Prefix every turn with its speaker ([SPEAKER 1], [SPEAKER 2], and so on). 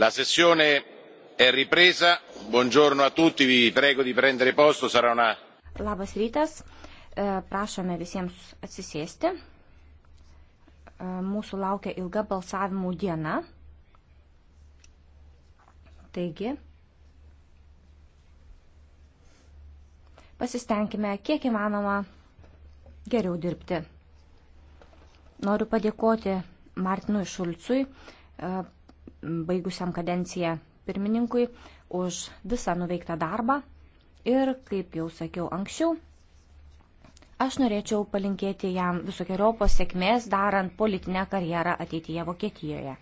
[SPEAKER 1] la sessione è ripresa buongiorno a tutti vi prego di prendere posto sarà una.
[SPEAKER 2] labas rytas e, prašome visiems atsisėsti e, mūsų laukia ilga balsavimų diena taigi pasistengime kiek įmanoma geriau dirbti. Noriu padėkoti Martinui Šulcui, e, baigusiam kadenciją pirmininkui už visą nuveiktą darbą ir, kaip jau sakiau anksčiau, aš norėčiau palinkėti jam visokiojopos sėkmės darant politinę karjerą ateityje Vokietijoje.